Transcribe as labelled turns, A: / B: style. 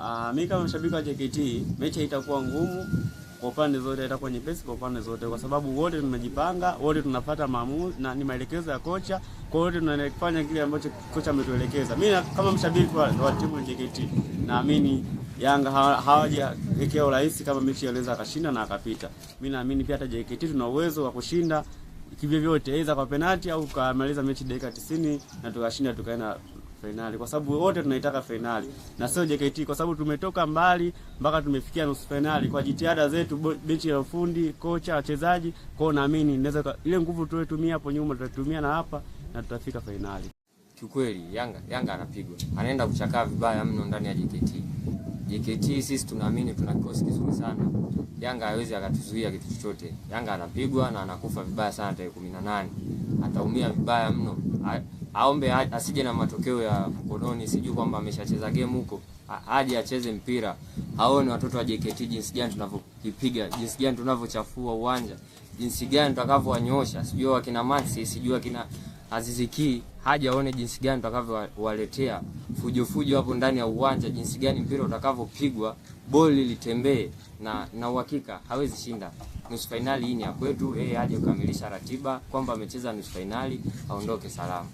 A: Uh, ah, mi kama mshabiki wa JKT mechi itakuwa ngumu kwa upande zote, itakuwa nyepesi kwa upande zote, kwa sababu wote tunajipanga, wote tunafuata maamuzi na ni maelekezo ya kocha, kwa hiyo wote tunafanya kile ambacho kocha ametuelekeza. Mi kama mshabiki wa, wa timu ya JKT naamini Yanga hawajaekea urahisi kama mechi aliweza akashinda na akapita. Mi naamini pia hata JKT tuna uwezo wa kushinda kivyovyote, aidha kwa penati au kamaliza mechi dakika 90 na tukashinda tukaenda fainali kwa sababu wote tunaitaka fainali na sio JKT, kwa sababu tumetoka mbali mpaka tumefikia nusu fainali kwa jitihada zetu, benchi ya ufundi, kocha, wachezaji. Kwa hiyo naamini naweza ile nguvu tuliyotumia hapo nyuma tutatumia na hapa na tutafika fainali.
B: Kiukweli Yanga Yanga anapigwa, anaenda kuchakaa vibaya mno ndani ya JKT. JKT sisi tunaamini tuna kikosi kizuri sana, Yanga hawezi akatuzuia kitu chochote. Yanga anapigwa na anakufa vibaya sana tarehe 18. ataumia vibaya mno aombe asije na matokeo ya mkononi, sijui kwamba ameshacheza game huko, aje acheze mpira, aone watoto wa JKT jinsi gani tunavyokipiga, jinsi gani tunavyochafua uwanja, jinsi gani tutakavyowanyosha, sijui wakina Maxi, sijui wakina Aziziki, haja aone jinsi gani tutakavyowaletea fujo fujo hapo ndani ya uwanja, jinsi gani mpira utakavyopigwa, boli litembee, na na uhakika hawezi shinda nusu fainali. Hii ni ya kwetu. Yeye aje kukamilisha ratiba kwamba amecheza nusu fainali, aondoke salama.